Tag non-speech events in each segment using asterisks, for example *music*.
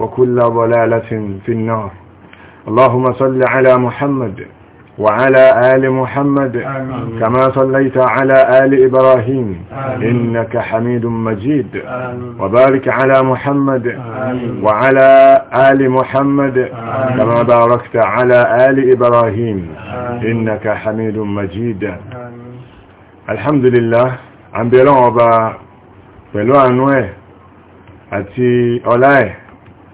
وكل ضلالة في النار اللهم صل على محمد وعلى آل محمد آمين. كما صليت على آل إبراهيم آمين. إنك حميد مجيد آمين. وبارك على محمد آمين. وعلى آل محمد آمين. كما باركت على آل إبراهيم آمين. إنك حميد مجيد آمين. الحمد لله عم بيرون وبا pẹ̀lú àánú ẹ̀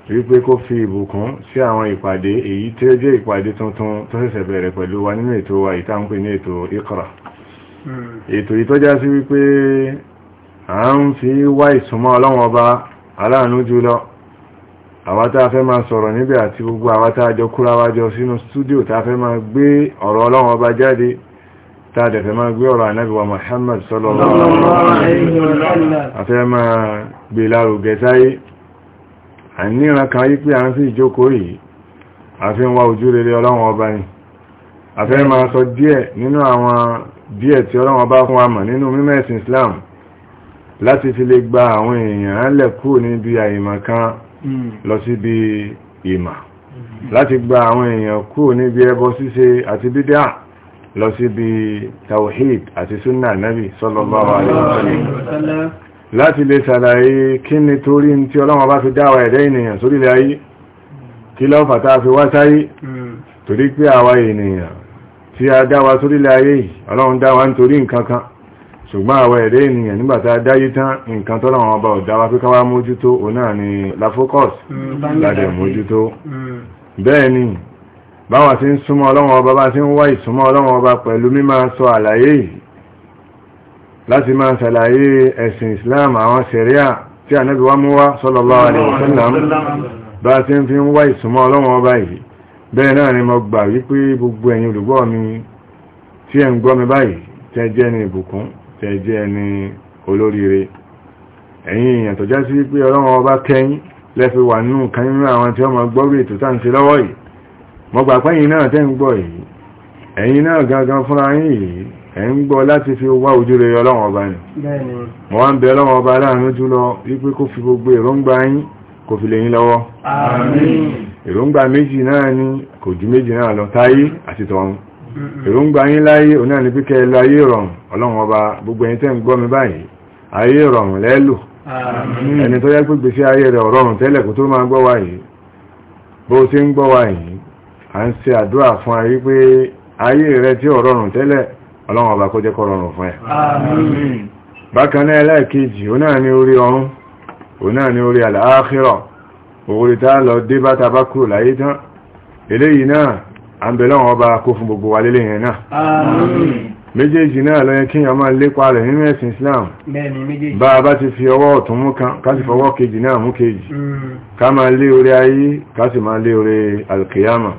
wípé kó fi ìbùkún sí àwọn ìpàdé èyí tí ó jẹ́ ìpàdé tuntun tó ṣẹ̀ṣẹ̀ bẹ̀rẹ̀ pẹ̀lú wa nínú ètò wa ìta ń pè ní ètò Iqra hmm. ètò ìtọ́já sí wípé a ń fi wá ìsúnmọ́ Ọlọ́run Ọba aláàánú jùlọ àwátá fẹ́ máa sọ̀rọ̀ níbẹ̀ àti gbogbo àwátá àjọ kúra wájọ sínú stúdíò tá fẹ́ máa gbé ọ̀rọ̀ Ọlọ́run Ọba jáde tá a dẹ̀ máa gbé ọ̀rọ̀ Ànábì Muhammad sallallahu àfẹ́ máa gbé lárugẹ sáyé àìníran kan yí pé a ń sí ìjókòó yìí a fi ń wá ojú rere ọlọ́run ọba ni a fẹ́ máa sọ díẹ̀ nínú àwọn díẹ̀ tí ọlọ́run ọba fún wa mọ̀ nínú mímẹ̀sìn Islam láti fi lè gba àwọn èèyàn lẹ̀ kúrò níbi àìmọ̀ kan hmm. lọ síbi ìmọ̀ láti gba àwọn èèyàn kúrò níbi ẹbọ ṣíṣe àti bídá lọ síbi tawhid àti sunna nabi sallallahu alaihi wasallam láti lè ṣàlàyé kí ni torí tí ọlọ́wọ́n bá fi dáwà ẹ̀dá ènìyàn sórí ilẹ̀ ayé kí ló fà tá fi wá sáyé hmm. torí pé àwa ènìyàn tí a dáwà sórí ilẹ̀ ayé yìí ọlọ́run dáwà nítorí nǹkan kan ṣùgbọ́n àwa ẹ̀dá ènìyàn nígbà tá dáyé tán nǹkan tọ́lọ́wọ́n bá ọ̀dáwà pé káwá la focus hmm. ládẹ̀ mójútó hmm. bẹ́ẹ̀ ni báwa ti ń súnmọ́ ọlọ́wọ́n ọba bá ti ń wá ìsúnmọ́ sọ àlàyé láti máa ṣàlàyé ẹ̀sìn islam àwọn sẹ̀ríà tí ànábì wa mú wá sallallahu alaihi wasallam bá ti ń fi ń wá ìsúnmọ́ ọlọ́wọ́n ọba yìí bẹ́ẹ̀ náà ni mo gbà wípé gbogbo ẹ̀yin olùgbọ́ mi tí ẹ̀ ń gbọ́ mi báyìí tẹ́ jẹ́ ni ìbùkún tẹ́ jẹ́ ni olóríire ẹ̀yin èèyàn tó já sí wípé ọlọ́wọ́n ẹ̀ ń gbọ́ láti fi wá ojú rere ọlọ́run ọba ni mo wá ń bẹ ọlọ́run ọba láàrin jù lọ wípé kó fi gbogbo èròǹgbà yín kó fi lè yín lọ́wọ́ èròǹgbà méjì náà ni kò ju méjì náà lọ táyé àti tọ̀run èròǹgbà yín láyé òun náà ni pé kẹ́ ẹ lọ ayé ìrọ̀rùn ọlọ́run ọba gbogbo ẹ̀yin tẹ́ ń gbọ́ mi báyìí ayé ìrọ̀rùn lẹ́lò ẹni tó yẹ pé gbèsè ayé rẹ̀ ọ̀rọ̀rùn tẹ́lẹ̀ kó tó máa gbọ́ wa yìí bó ṣe ń gbọ́ wa yìí à ń ṣe àdúrà fún ayé pé ayé rẹ̀ tí ọ̀rọ̀rùn tẹ́lẹ̀ ọlọ́run ọba kó jẹ́ kó rọrùn fún ẹ bákan náà ẹlẹ́ẹ̀kejì ó náà ní orí ọ̀run ó náà ní orí àlàáhírọ̀ orí tá lọ dé bá ta bá kúrò láyé tán eléyìí náà à ń bẹ lọ́run ọba kó fún gbogbo wa lélẹ̀ yẹn náà méjèèjì náà ló kí èèyàn lépa rẹ̀ nínú ẹ̀sìn Islam bá a bá ti fi ọwọ́ ọ̀tún mú kan ká sì fọwọ́ kejì náà mú kejì mm. ká máa lé orí ayé ká sì máa lé orí alkiyama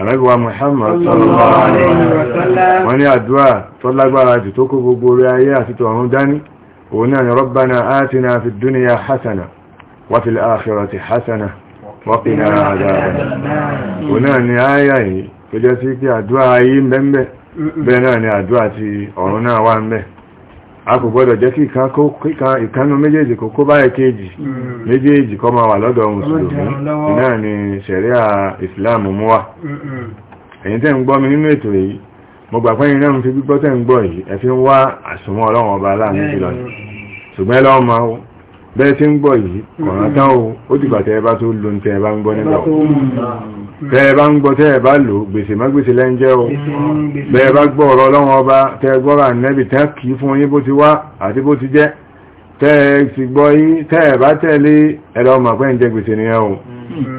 ànábíwá Muhammad sallallahu alaihi wasallam wọ́n ní àdúrà tó lágbára jù tó kó gbogbo orí ayé àti tọ̀run dání òun náà ni rabbana atina fid dunya hasana wa fil akhirati hasana wa qina adhaban òun náà ni ayá yìí tó jẹ́ sí pé àdúrà ayé ń bẹ́ẹ̀ náà ni àdúrà ti ọ̀run náà wà ń a kò gbọ́dọ̀ jẹ́ kí ìkánú méjèèjì kò kó báyẹ̀ kéèjì mm. méjèèjì kó máa wà lọ́dọ̀ mùsùlùmí náà ni ṣẹ̀ríà islam mú wá ẹ̀yin tẹ́ ń gbọ́ mi nínú ètò yìí mo gbà pẹ́yìn náà fi gbígbọ́ tẹ́ ń gbọ́ yìí ẹ fi ń wá àsùnmọ́ ọlọ́run ọba aláàánú jùlọ ṣùgbọ́n ẹlọ́mọ bẹ́ẹ̀ tí ń gbọ́ yìí kọ̀ọ̀rán tán o ó dìgbà tẹ́ ẹ bá tó lóun ẹ bá ń gbọ́ nígbà tẹ́ ẹ bá ń gbọ́ tẹ́ ẹ bá lò gbèsè má gbèsè lẹ́ńjẹ́ o bẹ́ ẹ bá gbọ́ ọ̀rọ̀ ọlọ́run ọba tẹ́ ẹ gbọ́rọ̀ ànẹ́bì tẹ́ kì í fún yín bó ti wá àti bó ti jẹ́ tẹ́ ẹ ti gbọ́ yín tẹ́ ẹ bá tẹ̀lé ẹ̀rọ ọmọ pẹ́ ń jẹ gbèsè nìyẹn o mm.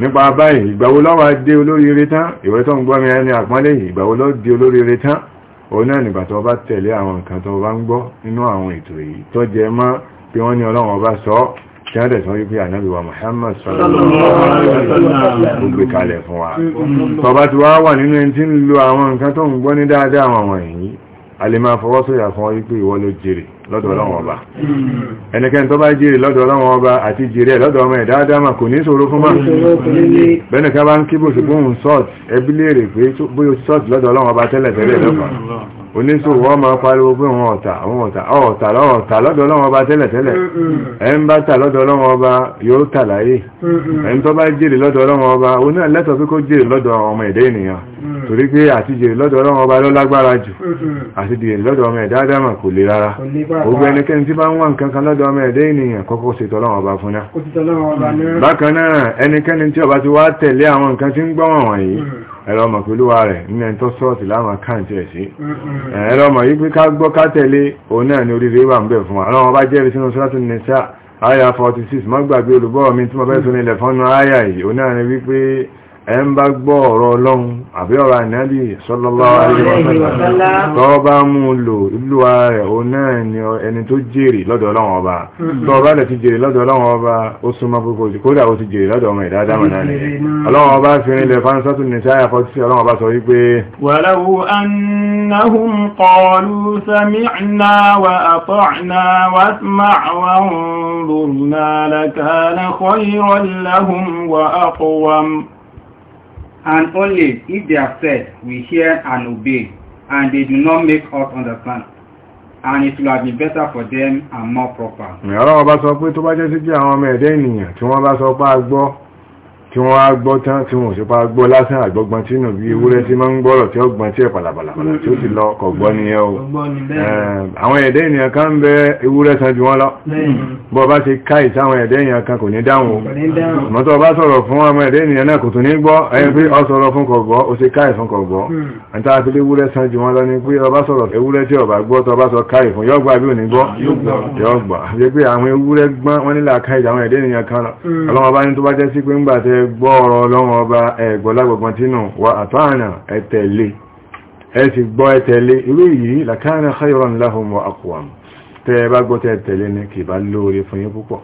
nípa báyìí ìgbàwo lọ́wọ́ dé olóríire tán ìwé tó ń gbọ́ mi ẹni àpọ́nlé yìí ìgbàwo lọ́ dé olóríire tán òun náà nígbà tó bá tẹ̀lé àwọn nǹkan tó bá ń gbọ́ nínú àwọn ètò yìí tó jẹ mọ́ pé wọ́n ní ọlọ́run ọba sọ ọ́ kí wọ́n tẹ̀sán wípé ànábì wa Muhammad sọ́lọ́wọ́ gbé kalẹ̀ fún wa tọba ti wá wà nínú ẹni tí ń lo àwọn nǹkan tó ń gbọ́ ní lọ́dọ̀ ọlọ́run ọba hmm. ẹnikẹ́ni tó bá jèrè lọ́dọ̀ ọlọ́run ọba àti jèrè lọ́dọ̀ ọmọ ẹ̀dá dáma kò ní ṣòro fún mọ́ bẹ́nìkan bá ń kí bóṣù bóhun sọ́ọ̀t ẹbí léèrè pé bóyá sọ́ọ̀t lọ́dọ̀ ọlọ́run ọba tẹ́lẹ̀ tẹ́lẹ̀ hmm. lọ́fà oníṣòwò ọmọ pariwo pé wọn ọ̀tà wọn ọ̀tà ọ̀tà ọ̀tà lọ́dọ̀ ọlọ́run ọba tẹ́lẹ̀ tẹ́lẹ̀ hmm. ẹ̀ ń bá tà lọ́dọ̀ ọlọ́run ọba yóò tà láyé ẹ̀ ń tó bá jèrè lọ́dọ̀ ọlọ́run ọba òun náà lẹ́tọ̀ọ́ pé kó jèrè lọ́dọ̀ ọmọ ẹ̀dá ènìyàn torí pé àti jèrè lọ́dọ̀ ọlọ́run ọba ló jù àti jèrè lọ́dọ̀ ọmọ ẹ̀dá dáma kò le rárá gbogbo ẹnikẹ́ni tí bá ń wà nǹkan kan lọ́dọ̀ ọmọ ẹ̀dẹ́ ènìyàn kọ́kọ́ ṣètò ọlọ́run ọba fún náà bákan náà ẹnikẹ́ni tí ọba ti wá tẹ̀lé àwọn nǹkan tí ń gbọ́wọ̀n wọ̀nyí mm-hmm. ẹ̀rọ ọmọ pẹ̀lú wa rẹ̀ ní ẹni tó sọ́ọ̀tì láwọn àkáǹtì mm-hmm. ẹ̀ sí ẹ̀rọ ọmọ yìí pé ká gbọ́ ká tẹ̀lé òun ẹ ń bá gbọ́ ọ̀rọ̀ ọlọ́run àbí ọ̀rọ̀ ànábì sallallahu alaihi wasallam tó bá mú un lò ìlúwa rẹ̀ ó náà ni ẹni tó jèrè lọ́dọ̀ ọlọ́run ọba mm-hmm. tó bá lè ti jèrè lọ́dọ̀ ọlọ́run ọba ó súnmọ́ púpọ̀ kódà ó ti jèrè lọ́dọ̀ ọmọ ìdá dámọ̀ náà nìyẹn ọlọ́run ọba fi rinlẹ̀ fáńsátù ní sáyà fọ́tí sí ọlọ́run ọba sọ wípé. walaw and only if they have said, we hear and obey, and they do not make us understand. And it will have been better for them and more proper. Ọlọ́run bá sọ pé tó bá jẹ́ sí pé àwọn ọmọ ẹ̀dẹ́ ènìyàn tí wọ́n bá sọ pé a gbọ́ tí wọ́n á gbọ́ tán tí wọ́n ṣepá gbọ́ lásán àgbọ́gbọ́n tí bí ewúrẹ́ tí máa ń gbọ́rọ̀ tí ó gbọ́n tí ẹ̀ pàlàpàlàpàlà tí ó sì lọ ọkọ̀ gbọ́ ni o eh, àwọn ẹ̀dẹ́ ènìyàn kan ń bẹ ewúrẹ́ san ju wọ́n lọ bọ́ bá ṣe ká ìta àwọn ẹ̀dẹ́ ènìyàn kan kò ní dáhùn o mọ́tọ́ bá sọ̀rọ̀ fún àwọn ẹ̀dẹ́ ènìyàn náà kò tún ní gbọ́ ẹni pé ọ sọ̀rọ̀ fún kọ̀gbọ́ ó ṣe ká ìfún kọ̀gbọ́ hmm. níta àti pé ewúrẹ́ san ju wọ́n lọ ni pé ọba sọ̀rọ̀ ewúrẹ́ tí ọba gbọ́ tọba sọ ká ìfún yọ gbà bí ò ní gbọ́ ah, yọ gbà àti pé àwọn ewúrẹ́ gbọ́n wọ́n nílà ká ìjà àwọn ẹ̀dẹ́ ènìyàn kan lọ hmm. ọlọ́mọba ní tó bá jẹ́ sí pé ńgbà tẹ ẹgbọ́ ọ̀rọ̀ ọlọ́run ọba ẹgbọ́ lágbọ̀gbọ́n tínú wa àtọ́ànà ẹ̀tẹ̀lé ẹ ti gbọ́ ẹ̀tẹ̀lé irú yìí làkánà khayran lahum wa aqwam tẹ́ ẹ bá gbọ́ tẹ́ ẹ̀tẹ̀lé ní kì bá lóore fún yín púpọ̀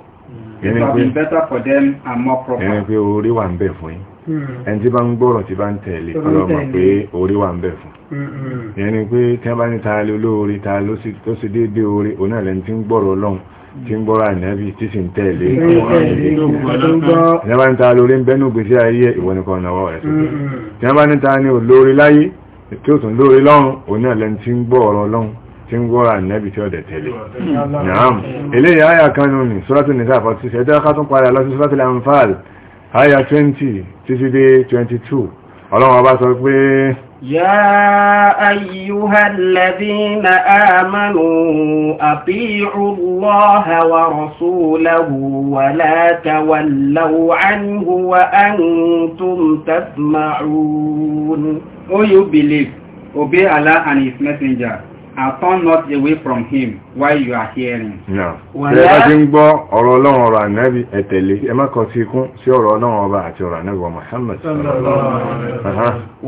ẹni pé orí wà ń bẹ fún yín hmm. ẹni tí bá ń gbọ́rọ̀ tí bá ń tẹ̀lé ọlọ́mọ pé orí wà ń bẹ fún hmm, hmm. ẹni pé tí wọ́n bá ní ta ló lóore ta ló sì déédéé oore òun náà lẹ́ni tí ń gbọ́rọ̀ ọlọ́run tí ń gbọ́ra ìnẹ́bí tí sì ń tẹ̀lé ìjọba níta lórí ń bẹ́nu gbèsè ayé ìwọ nìkan ọ̀nà ọ̀rẹ́ tó mm-hmm. tí wọ́n bá níta ní olórí láyé tí ó tún lórí lọ́run òun náà lẹ́ni tí ń gbọ́ ọ̀rọ̀ lọ́run tí ń gbọ́ra ìnẹ́bí tí ó dẹ̀ tẹ̀lé nàám eléyìí àyà kan nù ní sọ́látì nìta àfọ́tí ẹjọ́ ká tún padà lọ sí sọ́látì lẹ́nfàl àyà 20 títí dé 22 ọlọ́run ọba sọ pé يا أيها الذين آمنوا أطيعوا الله ورسوله ولا تولوا عنه وأنتم تسمعون. Oh you believe, obey Allah and His Messenger. and turn not away from him while you are hearing. ṣe bá ti ń gbọ́ ọ̀rọ̀ ọlọ́run ọ̀rọ̀ ànábì ẹ ẹ má kàn sí ikún sí ọ̀rọ̀ ọlọ́run ọba àti ọ̀rọ̀ ànábì wa Muhammad.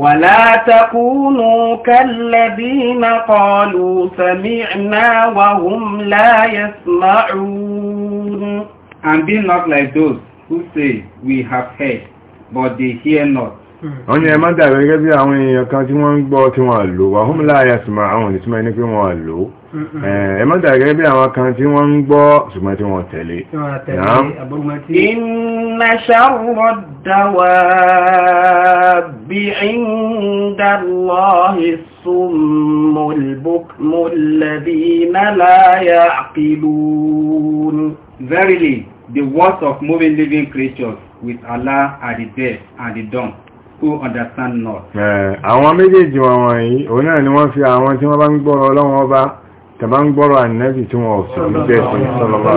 wàlá takùnù kẹlẹ́bí na kọlù sami'na wa hum la yasma'un. and be not like those who say we have heard but they hear not wọ́n ní ẹ má dàbẹ̀ gẹ́gẹ́ bí àwọn èèyàn kan tí wọ́n ń gbọ́ tí wọ́n lò wà hum la yasma'un àwọn òní tí wọ́n ní pé wọ́n lò ẹ má dàbẹ̀ gẹ́gẹ́ bí àwọn kan tí wọ́n ń gbọ́ ṣùgbọ́n tí wọ́n tẹ̀lé. inna sharra dawabbi inda Allahi summul bukmul ladhina la verily the worst of moving living creatures with Allah are the deaf and the dumb who understand not. Eh, àwọn méjèèjì wọn wọ̀nyí òun náà ni wọ́n fi àwọn tí wọ́n bá ń gbọ́rọ̀ ọlọ́wọ́n ọba tàbá ń gbọ́rọ̀ ànẹ́bì tí wọ́n sọ níbẹ̀ sí sọlọ́bà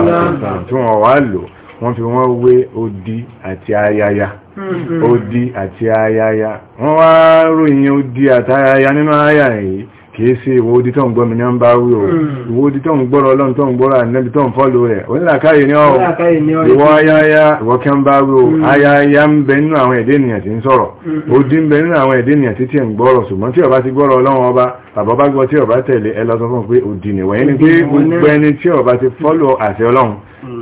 tí wọ́n wá lò wọ́n fi wọ́n wé odi àti ayaya hmm. odi àti ayaya wọ́n wá ròyìn odi àti ayaya nínú ayaya yìí kìí ṣe ìwò odi tó ń gbọ́ mi ní ọ́n bá wí o hmm. ìwò odi tó ń gbọ́rọ̀ ọlọ́run tó ń gbọ́rọ̀ ànẹ́bí tó ń fọ́lù rẹ̀ onílàkáyè ní ọ́ ìwọ ayáyá ìwọ kí ń bá wí o hmm. ayáyá ń bẹ nínú àwọn èdè ènìyàn tí ń sọ̀rọ̀ hmm. odi ń bẹ nínú àwọn èdè ènìyàn tí tí ń gbọ́rọ̀ ṣùgbọ́n tí ọba ti gbọ́rọ̀ ọlọ́run ọba bàbá bá gbọ́ tí ọba tẹ̀lé ẹ lọ sọ fún pé odi nìwọ̀nyí ni pé gbogbo ẹni tí ọba ti fọ́lù àṣẹ ọlọ́run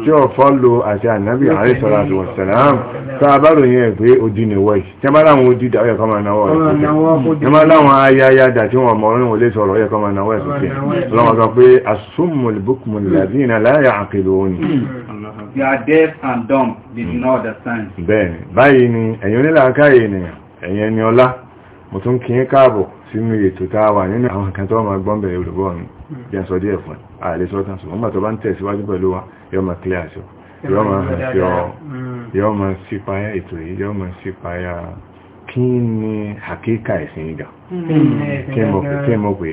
tí ó fọ́lò àti ànábì alayhi salatu wa salam tá a bá ròyìn ẹ̀ pé odi ni wọ́ọ̀ì tí a bá láwọn odi dà ọ̀yẹ̀kọ́ máa náwọ́ ẹ̀ sókè tí a bá láwọn ayáyá dà tí wọ́n mọ̀ ọ́rùn wọlé sọ̀rọ̀ ọ̀yẹ̀kọ́ máa náwọ́ ẹ̀ sókè lọ́wọ́ sọ pé asumul bukmul ladina la ya'qilun They are and dumb, they not understand. Bẹ́ẹ̀ni, báyìí ni ẹ̀yin onílàákàyè ènìyàn, ẹ̀yin ẹni ọlá, mo tún kí ń káàbọ̀ sínú ètò tá a wà nínú àwọn kan tó wà máa gbọ́n bẹ̀rẹ̀ olùgbọ́ ọ̀run. Bí a sọ díẹ̀ fún ẹ̀, àìlè sọ, wọ́n gbà tó bá ń tẹ̀síwájú pẹ̀lú wa yóò máa clear sí ọ yóò máa hàn sí ọ yóò máa sí mm. payá ètò yìí yóò máa sí payá kí ni àkíkà ìsìn ìgbà kí mo pè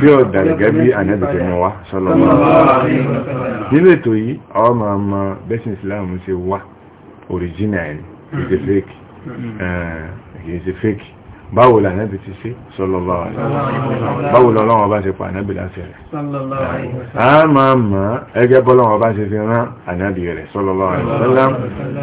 bí ọ̀dà gẹ́gẹ́ bí ànẹ́bìtẹ̀ mọ́ wá sọ́lọ́mọ́ nínú ètò yìí ọ ma ma bẹ́sìn Islam ṣe wá original ìṣe fake eh, ìṣe fake báwo la ànẹ́bì ti ṣe sọ́lọ́mọ́ báwo lọ́lọ́wọ́ bá ṣe pa ànẹ́bì láti rẹ̀ a ma ma ẹgẹ́ bọ́lọ́wọ́ bá ṣe fi rán ànẹ́bì rẹ̀ sọ́lọ́mọ́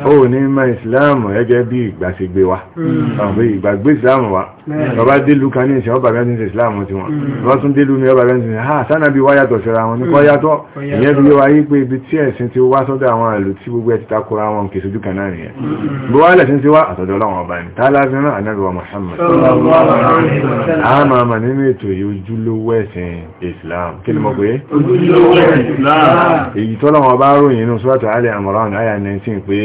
ó ní ma Islam ẹgẹ́ bí ìgbàṣegbé wa hmm. ìgbàgbé wa bàbá délù kan ní ìsìn ọba bẹ́ntì islam ti wọn lọ mm. tún délù ní ọba bẹ́ntì ha sánà bí wá yàtọ̀ síra wọn ní mm. kọ́ yàtọ̀ ìyẹn bí wá yí pé ibi tí ẹ̀sìn ti wá sọ́dọ̀ àwọn àlò tí gbogbo ẹ̀ ti takora wọn kì í sojú kan náà nìyẹn bí wá lẹ̀sìn ti wá àtọ̀dọ̀ ọlọ́wọ̀n ọba ní tálàfin náà anábì wa Muhammad a máa mà nínú ètò yìí ojúlówó ẹ̀sìn islam kí ni mo pé ojúlówó èyí tọ́lọ́wọ̀n ọba ròyìn inú sọ́tọ̀ alẹ́ àmọ̀ràn àyà 19 pé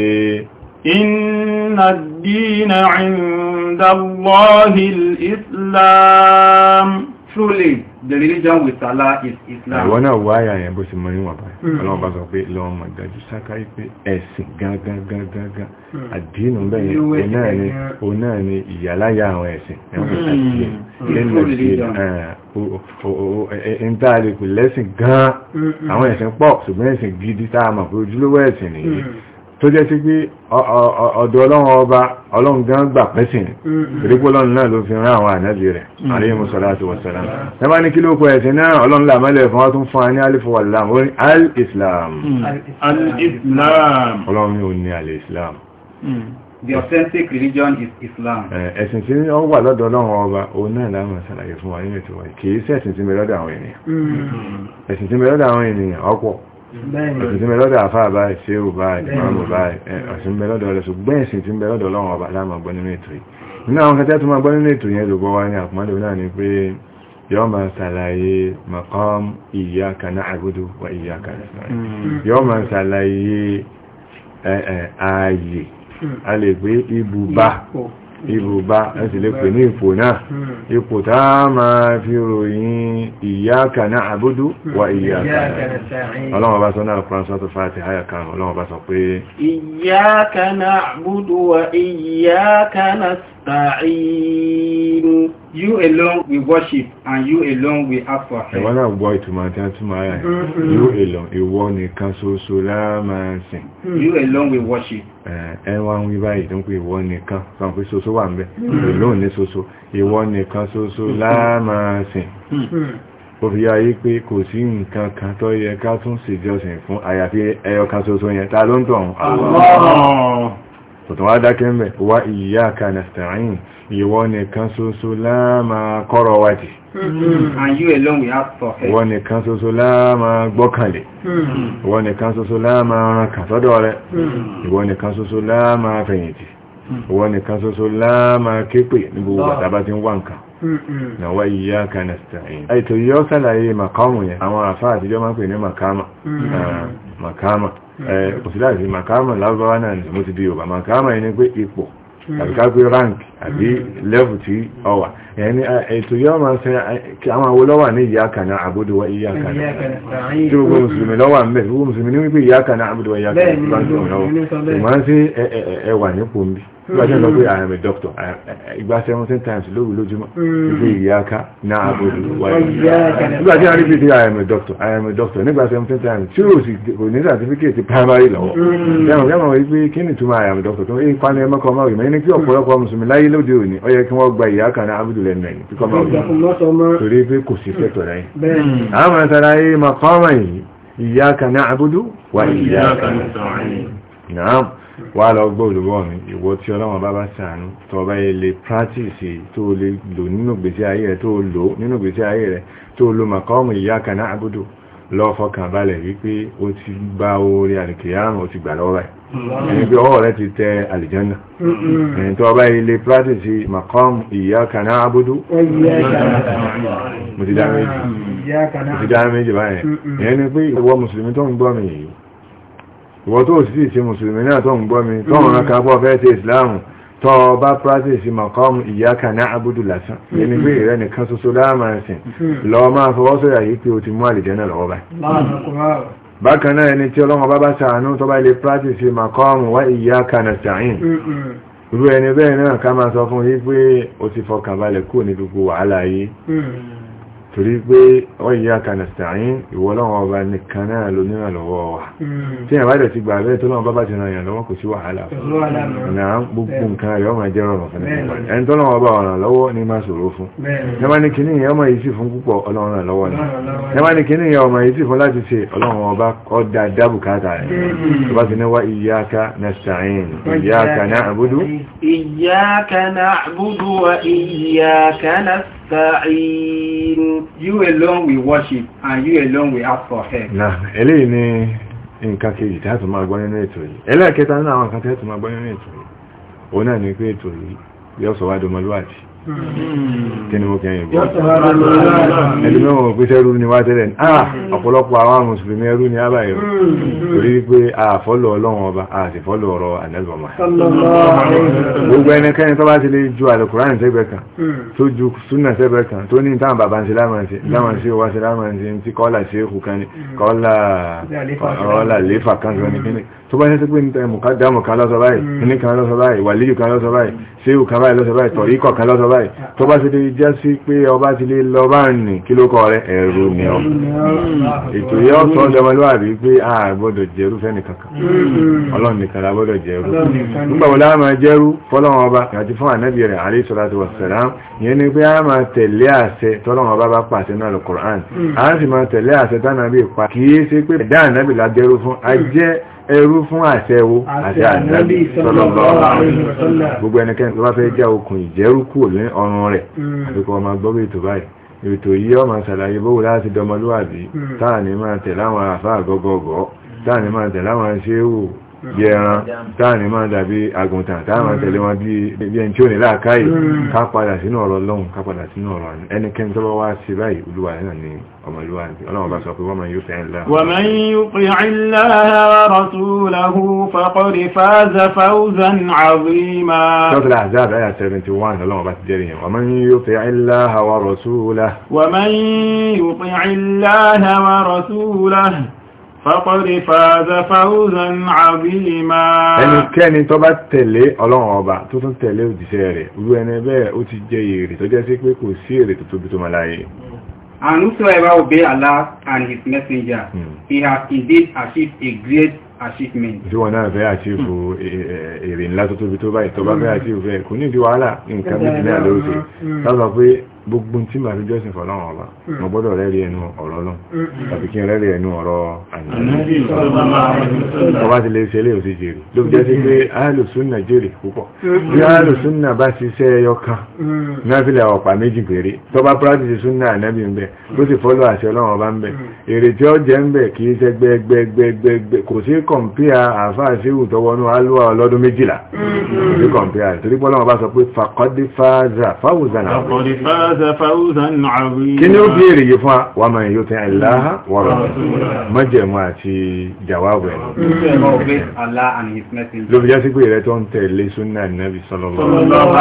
إن الدين عند الله الإسلام Truly, the religion with Allah is Islam. Ìwọ́n náà wáyà yẹn bó ṣe mọ́ níwọ̀n báyìí. Hmm. Ọlọ́run bá sọ pé lọ́wọ́ mọ̀ dájú sáká ipé ẹ̀sìn gágágágá. Hmm. Àdínú bẹ́ẹ̀ ni, òun náà ni ìyàláyà àwọn ẹ̀sìn. Hmm. Ẹ̀sìn tààlẹ̀kù lẹ́sìn gan-an. Àwọn ẹ̀sìn pọ̀ ṣùgbọ́n ẹ̀sìn gidi táa mọ̀ pé ojúlówó ẹ̀sìn nìyí tó jẹ́ sí pé ọ̀dọ̀ ọlọ́run ọba ọlọ́run gan gbà pẹ́sìn ìdígbò mm-hmm. ọlọ́run náà ló fi rán àwọn ànábì rẹ̀ mm-hmm. alayhi salatu wassalam tẹ́bá ní kí ló kọ ẹ̀sìn náà ọlọ́run làmọ́lẹ̀ fún wọ́n tún fún wa ní alifu wà mm-hmm. al-islam ọlọ́run ò ní al-islam the authentic religion is islam ẹ̀sìn tí ó wà lọ́dọ̀ ọlọ́run ọba òun náà láwọn ṣàlàyé fún wa nínú ìtìwọ̀ kìí ṣẹ̀sìn èsì tí ń bẹ lọ́dọ̀ àfáà báyìí ṣé ò báyìí ìmáàmù báyìí ọ̀sìn ń bẹ lọ́dọ̀ rẹ̀ ṣùgbọ́n ẹ̀sìn tí ń bẹ lọ́dọ̀ ọlọ́run ọba láàmà gbọ́ nínú ètò yìí nínú àwọn kẹtẹ́ tó máa gbọ́ nínú ètò yẹn lògbọ́ wa ní àpọ́nlẹ̀ náà ni pé yọ́ máa ṣàlàyé maqam iyyaka na'budu wa iyyaka nasta'in hmm. yọ́ máa ṣàlàyé ààyè hmm ìbùbá ẹ̀sì lè pè ní ipò náà ipò tá a máa fi ròyìn ìyáka náà àbúdú wa ìyáka ọlọ́wọ́ bá sọ náà pàṣọ́tò fàtí àyàká ọlọ́wọ́ bá sọ pé ìyáka náà àbúdú wa ìyáka náà نستعين You alone we worship and you alone we ask for help. Ẹ̀wọ́n náà gbọ́ ìtumọ̀ àti àtúmọ̀ ara ẹ̀. Mm-hmm. You alone, ìwọ nìkan ṣoṣo lára máa sìn. Mm-hmm. You alone we worship. Ẹwà ń wí báyìí tó ń pè ìwọ nìkan, sọ̀rọ̀ pé ṣoṣo wà ń bẹ̀. Èlò ní ṣoṣo, ìwọ nìkan ṣoṣo lára mm-hmm. máa sìn ó fi yáyé pé kò sí nǹkan kan tó yẹ ká tún ṣèjọsìn fún àyàfi ẹyọ kan ṣoṣo yẹn ta ló ń tọ̀hún àwọn tòtò wá dákẹ́ mẹ́ wá iyyaka nasta'in ìwọ nìkan ṣoṣo láàmà kọ́rọ̀ wájì hmm. ìwọ nìkan ṣoṣo láàmà gbọ́kànlé hmm. ìwọ nìkan ṣoṣo láàmà ránkà sọ́dọ̀ rẹ hmm. ìwọ nìkan ṣoṣo láàmà fẹ̀yìntì ìwọ ní gbogbo bàtàbá ti makama hmm. kò sí láti makama lábábá náà ni mo ti di yorùbá makama yẹn ni pé ipò hmm. àbí ká pé rank àbí hmm. level tí ọ wà ẹni ètò yóò máa ṣe kí àwọn awó lọ́wà ní iyyaka na'budu wa iyyaka nasta'in tí gbogbo mùsùlùmí lọ́wà ń bẹ̀ gbogbo mùsùlùmí ní wípé iyyaka na'budu wa iyyaka nasta'in ìmọ̀ sí ẹwà nípò ń bí gbájọ́ lọ pé i am a doctor ìgbà 17 times lóru lójúmọ́ hmm. ìgbé ìyáká náà àbòrò wáyé nígbà tí a rí bíi i am a doctor i am a doctor nígbà 17 times tí ó sì kò ní certificate primary lọ́wọ́ yàmọ̀ hmm. yàmọ̀ wípé kí ni túmọ̀ i am a doctor tó ń pa ní ẹmọ́kọ ọmọ ìmọ̀ ní kí ọ̀pọ̀lọpọ̀ mùsùlùmí láyé lóde òní ó yẹ kí wọ́n gba ìyáká náà àbòrò lẹ́nu ẹ̀yìn kíkọ́ mọ́ torí pé kò sí fẹ́tọ̀ láyé àwọn àtàrà yìí maqama yìí ìyáká náà àbòrò wáyé ìyáká náà wà lọ gbọ́ olùwọ́ mi ìwọ tí ọlọ́wọ́n bá bá sàánú tó bá yẹ practice tó lè lò nínú gbèsè ayé rẹ tó lò nínú gbèsè ayé rẹ tó lò màkọ́ọ̀mù iyyaka na'budu lọ fọkàn balẹ̀ wípé ó ti gba orí àlìkìyàmù ó ti gbà lọ́wọ́ mm-hmm. mm-hmm. practice màkọ́ọ̀mù iyyaka na'budu mm-hmm. mo ti dá méjì báyẹn ìyẹn ni pé ìwọ mùsùlùmí tó ń gbọ́ mi ìwọ tó sì ṣe mùsùlùmí náà tó ń gbọ́ mi tó ń ranka bọ́ fẹ́ ṣe ìsìláàmù tó o bá practice maqam iyyaka na'budu lásán mm-hmm. ẹni pé ìrẹ́ nìkan ṣoṣo láàmà sìn mm-hmm. lọ máa fọwọ́sọ̀yà yìí pé o ti mú àlìjẹ́nà lọ́wọ́ báyìí mm-hmm. bákan náà ẹni tí ọlọ́run bá bá ṣàánú tó bá lè practice maqam wa iyyaka nasta'in irú ẹni bẹ́ẹ̀ náà ká máa sọ fún yí pé o ti fọkàn balẹ̀ kúrò ní gbogbo wàhálà yìí torí pé wọ́n yí aka nàstàáyín ìwọ́lọ́wọ́ ọba nìkan náà ló nínà lọ́wọ́ wa hmm. tí ẹ̀bá dẹ̀ ti gbà bẹ́ẹ̀ tó náà bábá ti ràn yàn lọ́wọ́ kò sí wàhálà na gbogbo nǹkan rẹ̀ ọmọ ẹjẹ́ rọrùn fún ẹni tó náà ọba ọ̀ràn lọ́wọ́ ní máa ṣòro fún ẹmá ní kìíní yẹn ọmọ yìí sì fún púpọ̀ ọlọ́run ràn lọ́wọ́ ni ẹmá na'budu wa iyyaka nasta'in nasta'in. You alone we worship and you alone we ask for help. Náà, eléyìí ni nǹkan kejì tí a tún máa gbọ́ nínú ètò yìí. Ẹlẹ́ẹ̀kẹta nínú àwọn nǹkan tí a tún máa gbọ́ nínú ètò yìí. Òun ni pé ètò yìí yóò sọ wá dọmọlúwàbí kí ni mo kẹ́ yìí ẹni mẹ́wọ̀n pé sẹ́rú ni wá tẹ́lẹ̀ ah ọ̀pọ̀lọpọ̀ àwọn mùsùlùmí ẹrú ni á báyìí torí wípé a fọ́lọ̀ ọlọ́run ọba a sì fọ́lọ̀ ọ̀rọ̀ ànẹ́lùmọ̀ gbogbo ẹnikẹ́ni tó bá ti lè ju àlùkùránì sẹ́gbẹ̀ kan tó ju súnà sẹ́gbẹ̀ kan tó ní táwọn bàbá ń ṣe lámàṣe lámàṣe wá ṣe lámàṣe ti kọ́là ṣe é kù kan ní kọ́là lẹ́fà kan sọ ní kíní tó bá yẹ́ sí pé dámù kan lọ́sọ báyìí mm. kíní kan lọ́sọ báyìí wàlíyù kan lọ́sọ báyìí síhù kan báyìí lọ́sọ báyìí tọ̀ ikọ̀ kan lọ́sọ báyìí tó bá sì lè já sí pé ọba ti lè lọ bá nì kí ló kọ rẹ ẹ̀rù ni ọ ètò yẹ ọ̀tọ̀ ọ̀dọ́mọlúwàbí pé a gbọ́dọ̀ jẹ́rú fẹ́ni kankan mm-hmm. ọlọ́run nìkan la gbọ́dọ̀ jẹ́rú nígbà wo la máa jẹ́rú fọlọ́run ọba àti fún ànábì rẹ̀ àrí sọ́láàtì wàsàlám ìyẹn ni pé a máa tẹ̀lé àṣẹ tọ́lọ́run ọba bá pàṣẹ náà lọ kọ̀ọ̀án mm. a sì máa tẹ̀lé àṣẹ tánàbì pa kì í ṣe pé ẹ̀dá ànábì la jẹ́rú fún ajẹ́ ẹrú fún àṣẹwó àti ànábì sallallahu alaihi wasallam gbogbo ẹnikẹ́ni tó bá fẹ́ já okùn ìjẹ́rú kúrò ní ọrùn rẹ̀ hmm. àbíkọ́ ọmọ gbọ́gbé ètò báyìí ètò yìí ọmọ ṣàlàyé bówó láti dọmọlúwàbí hmm. táà ní máa tẹ̀láwọn àfáà gọ́gọ́gọ́ táà ní máa tẹ̀láwọn ṣéwò bí ẹran táàní máa dàbí àgùntàn táàmà tẹ̀lé wọn bí ẹni tí ó ní láàkáyì hmm. ká padà sínú ọ̀rọ̀ lọ́hùn ká padà sínú ọ̀rọ̀ ẹnikẹ́ni tó bá wá sí báyìí olúwa náà ni ọmọlúwa ní ọlọ́wọ́ bá sọ pé wọ́n máa yóò fẹ́ ńlá wa faqad faza fawzan azima. ẹnikẹ́ni tó bá tẹ̀lé ọlọ́run ọba tó tún tẹ̀lé òjíṣẹ́ rẹ̀ irú ẹni bẹ́ẹ̀ ó ti jẹ èrè tó jẹ́ sí pé kò sí èrè tó tóbi tó máa láyé. And whosoever obey Allah and his messenger, hmm. he has indeed achieved a great achievement. Tí wọ́n náà fẹ́ àṣífò hmm. e, e, èrè ńlá tó tóbi tó báyìí tó bá fẹ́ àṣífò hmm. ẹ̀ kò ní ìdí wàhálà nǹkan méjì náà lóòṣè. Sábà pé gbogbo tí màá fi jọ́sìn fọ́lọ́wọ́n ọba hmm. mo gbọ́dọ̀ rẹ́rí ẹnu ọ̀rọ̀ lọ hmm. tàbí kí n rẹ́rí ẹnu ọ̀rọ̀ ọba ti lè ṣe lè òsì jèrè ló jẹ́ sí pé alùsùnà jèrè púpọ̀ hmm. bí alùsùnà bá ṣiṣẹ́ ẹyọ kan náfìlà ọ̀pá méjì péré tó bá pírátìsì súnà ànábì ń bẹ ló sì fọ́lọ́ àṣẹ ọlọ́run ọba ń bẹ èrè tí ó jẹ́ ń bẹ kì í ṣe gbẹgbẹgbẹgbẹ kò sí kọ̀m̀pìà àfáà sí ìwùtọ́wọ́nú alúwa ọlọ́dún méjìlá kò sí kọ̀m̀pìà torí pé ọlọ́run ọba فاز فوزا عظيما kí ni ó béèrè yìí fún wa wà máa yóò tẹ́ aláha wọ́rọ̀ mọ́jẹ̀mọ́ àti jàwáwẹ̀ ló fi jásí pé rẹ tó ń tẹ̀lé súnà nàbì sallallahu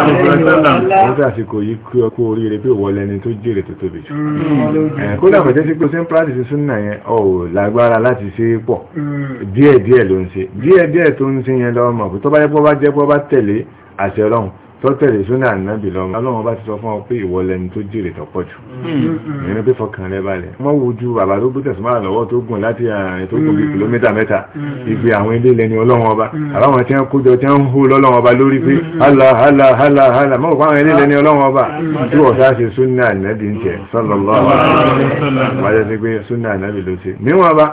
alaihi wasallam wọ́n tẹ́ àsìkò yìí kí ọkọ̀ oríire pé wọlé ni tó jèrè tó tóbi jù mm. kó dàgbà jásí pé sí ń pàdésí súnà yẹn ọ̀ lágbára láti ṣe é pọ̀ mm. díẹ̀díẹ̀ ló ń ṣe díẹ̀díẹ̀ tó ń ṣe yẹn lọ́mọ̀ tó bá jẹ́ pọ́ bá jẹ́ pọ́ bá tẹ̀lé àṣẹ ọlọ́run tó tẹ̀lé súnà ànábì lọ́mọ ọlọ́run bá ti sọ fún ọ pé ìwọ lẹni tó jèrè tọ́pọ̀ jù mm-hmm. ìrìn pé fọkàn rẹ balẹ̀ wọ́n wo ju bàbá tó gbé tẹ̀sùmáà lọ́wọ́ tó gùn láti àárín tó gùn bí mm-hmm. kìlómítà mẹ́ta mm-hmm. ìgbé àwọn ilé lẹni ọlọ́run ọba àbáwọn tí wọ́n kójọ tí wọ́n ń hó lọ́lọ́run ọba lórí pé hàlà hàlà hàlà hàlà mọ́ fáwọn ilé lẹni ah. ọlọ́run ọba tí wọ́n sá ṣe súnà ànábì ń tẹ̀ sọ́lọ́lọ́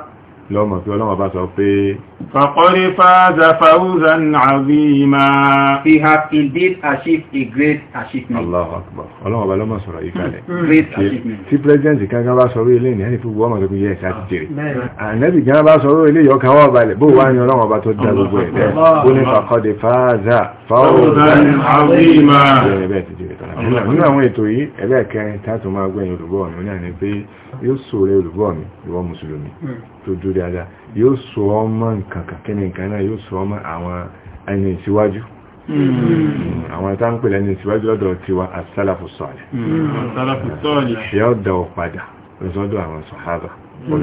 lọ́mọ̀ tí ọlọ́mọ̀ bá sọ pé faqad faza fawzan azima he has indeed achieved a great achievement Allahu Akbar ọlọ́mọ̀ bá lọ́mọ̀ sọ̀rọ̀ ìkàlẹ̀ *laughs* tí president kankan bá sọ̀rọ̀ ilé ní ẹni fún gbọ́mọ̀ tó kú yẹ́ ẹ̀sá ti jèrè ànẹ́bì kan bá sọ̀rọ̀ ilé yọ kan bó wá tó dúró dáadáa yóò sọ ọmọ nǹkan kàkẹ́ nìkan náà yóò sọ ọmọ àwọn ẹni ìsíwájú hmm. àwọn táńpẹ̀ lẹ́ni ìsíwájú lọ́dọ̀ tiwa asálàfù sọ́ọ̀lẹ̀ hmm. yóò dá ọ padà lọ́sọ́dọ̀ àwọn sọ̀hábà Hmm.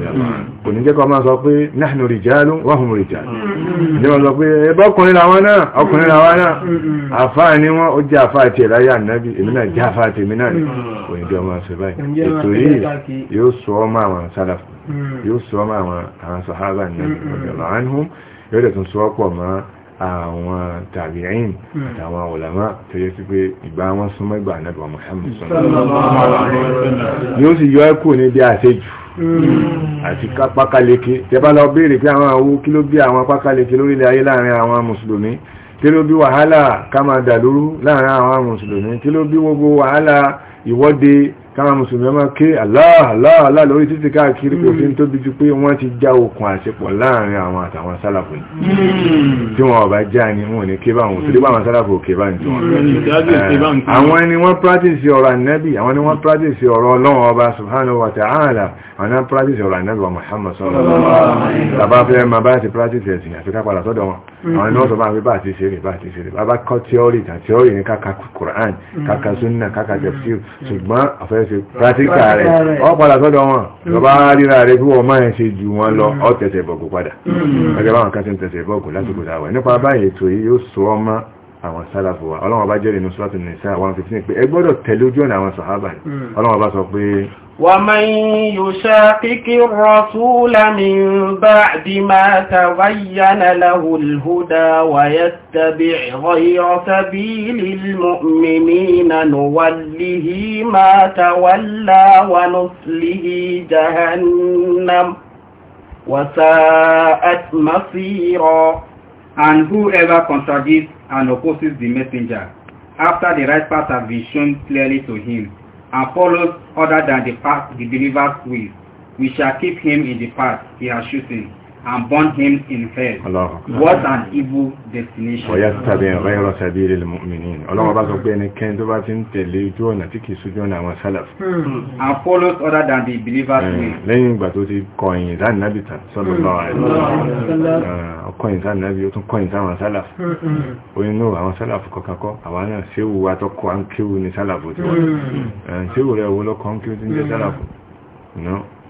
kò ní jẹ́ kọ́ máa sọ pé nahnu rijalun wa hum rijal hmm. ní wọ́n sọ pé ẹbọ́ ọkùnrin làwọn náà ọkùnrin làwọn náà hmm. àfáà ní wọ́n ó jẹ́ àfáà ti ẹ̀láyé ànábì èmi náà jẹ́ àfáà ti èmi náà ní kò ní jẹ́ ọmọ àwọn tàbí'ìn hmm. àtàwọn ọ̀làmá tó yẹ sí pé ìgbà wọn súnmọ́ ìgbà náà Muhammad ni ó sì yọ ẹ́kù ní bí àṣejù hmm. àti pákáleke tẹ́bá lọ béèrè pé àwọn àwú kí ló bí àwọn pákáleke lórílẹ̀ ayé láàrin àwọn mùsùlùmí kí ló bí wàhálà ká máa dàlúrú láàrin àwọn mùsùlùmí kí ló bí gbogbo wàhálà ìwọ́de káwọn mùsùlùmí ọmọ ké aláàláàlá lórí títí káàkiri kò fi ń tóbi ju pé wọ́n ti já okùn àṣepọ̀ láàrin àwọn àtàwọn sálàfò ní hmm. tí wọ́n ọba já ni wọ́n ní ké báwọn òtúrí báwọn sálàfò ké bá ń tí wọ́n àwọn ni wọ́n practice ọ̀rọ̀ ànábì àwọn ni wọ́n practice ọ̀rọ̀ ọlọ́run ọba subhanahu wa ta'ala àwọn ni wọ́n practice ọ̀rọ̀ ànábì wa muhammad sallallahu alaihi wasallam hmm. hmm. bàbá fẹ́ máa bá ti practice ẹ̀sìn àti ká padà sọ́dọ̀ wọn àwọn ni wọ́n sọ máa fi bá ti ṣeré bá ti ṣeré bàbá kọ́ tíọ́rì tà tíọ́rì ní káka quran káka sunna káka tafsir ṣùgbọ́n àfẹ́ fẹ́ ṣe pàtíkà rẹ̀ ọ padà sọ́dọ̀ wọn lọ́ba ríra rẹ̀ bí wọ́n máa ń ṣe jù wọn lọ ọ mm. tẹ̀sẹ̀ bọ̀gù padà mm. ẹgbẹ́ báwọn kan ṣe ń tẹ̀sẹ̀ bọ̀gù lásìkò dáwẹ̀ nípa báyìí ètò yìí yóò so ọmọ àwọn sálàfù wa ọlọ́wọ́ bá sọ́tù jẹ́rìí nùsùlátù nìsá 115 pé ẹ gbọ́dọ̀ tẹ̀lé ojú ọ̀nà àwọn sọ̀hábà ní ọlọ́wọ́ bá sọ pé wà man yushaqiqi rasula min ba'di ma tabayyana lahul huda wa yattabi' ghayra sabilil mu'minina nuwallihi ma tawalla wa nuslihi jahannam wa sa'at masira And whoever contradicts and opposes the messenger, after the right path has been shown clearly to him, and follows other than the path the believer's ways, we shall keep him in the path he has chosen, and burn him in hell. What an evil destination. Ọ̀yá tàbí ọ̀rẹ́rọ̀ tàbí ilẹ̀ mọ̀mìnì. Ọlọ́run bá sọ pé ẹni kẹ́ tó bá ti ń tẹ̀lé ojú ọ̀nà tí kìí sójú ọ̀nà àwọn sálàf. Hmm. And follows other than the believers hmm. way. Lẹ́yìn ìgbà tó ti kọ̀yìn sáà nábì tán sọ́dọ̀ lọ àìlọ́. Ọkọ̀yìn sáà nábì ó tún kọ̀yìn sáwọn sálàf. Oyin náà àwọn sálàf kọ̀kakọ́, hmm. àwọn náà ṣéwù wa tó kọ́ àńkéwù ní sálàf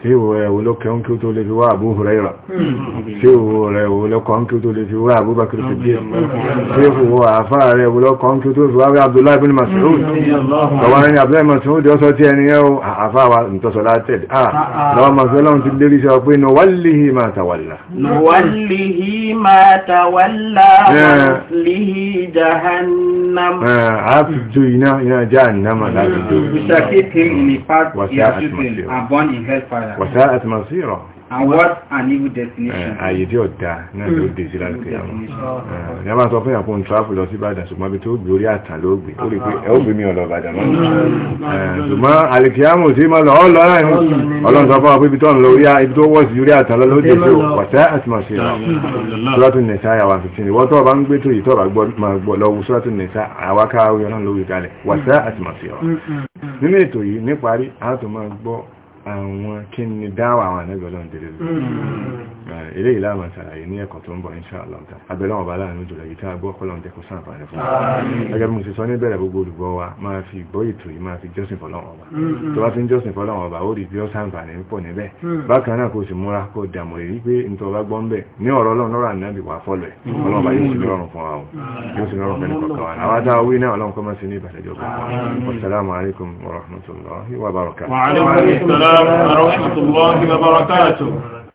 ṣé ìwò rẹ̀ wo ló kẹun kí ó tó lè fi wá Abu Hurairah ṣé hmm. ìwò rẹ̀ wo ló kọ́ kí ó tó lè fi wá Abu Bakr Siddiq ṣé ìwò àfá rẹ̀ wo ló kọ́ kí ó tó fi wá rí Abdullahi bin Mas'ud hmm. tọwọ́ ní Abdullahi Mas'ud ọsọ tí ẹni yẹn o àfá wa nítọ́sọ látẹ̀lẹ̀ à fi ju iná iná وساءت مصيره and what an evil destination. ààyè eh, tí ọ̀dà náà ló dé sí láti àwọn ní a máa sọ fún ìyàpọ̀ travel lọ sí Ìbàdàn ṣùgbọ́n ibi tó gbé orí àtà ló gbé ó rí pé ẹ ó gbé mi ọ̀lọ́ Ìbàdàn mọ́ eh, ṣùgbọ́n alikiamu sí máa lọ ọlọ́ náà ní ọlọ́run sọ fún wa pé ibi tó ń lọ orí ibi tó wọ̀ sí orí àtà lọ ló dé sí ọ̀tẹ́ àti màá ṣe lọ sọ́tù nẹ̀sà àwa fìfin ìwọ́ tó bá ń gbé tó yìí tó bá gbọ́ lọ́wọ́ sọ́tù nẹ̀sà àwa káwé ọlọ́run ló wí kalẹ̀ wọ̀tẹ́ àti màá ṣe lọ nínú ètò yìí níparí a tó máa gbọ́ àwọn kí ni dáwà àwọn ànábì Eh, eléyìí láàmà sàlàyé ní ẹ̀kọ́ tó ń bọ̀ insha Allah abẹ́lẹ́ ọba láàrin jùlọ yìí tá a gbọ́ kọ́lọ́n jẹ́ kó sàǹfààní fún wa gẹ́gẹ́ bí mo ti sọ níbẹ̀rẹ̀ gbogbo olùgbọ́ wa máa fi gbọ́ ètò yìí máa fi jọ́sìn fọlọ́n ọba mm-hmm. tó bá fi ń jọ́sìn fọlọ́n ọba ó rí bí ó sàǹfààní pọ̀ níbẹ̀ mm-hmm. bákan náà kò sì múra kó dààmú rí pé nítorí ọba gbọ́ ń bẹ̀ ní ọ̀rọ̀ ọlọ́run lọ́rọ̀ ànábì wà mm-hmm. wa o yóò wa àwa wa barakatuh. wa alaykum salaam wa rahmatulahi wa barakatuh.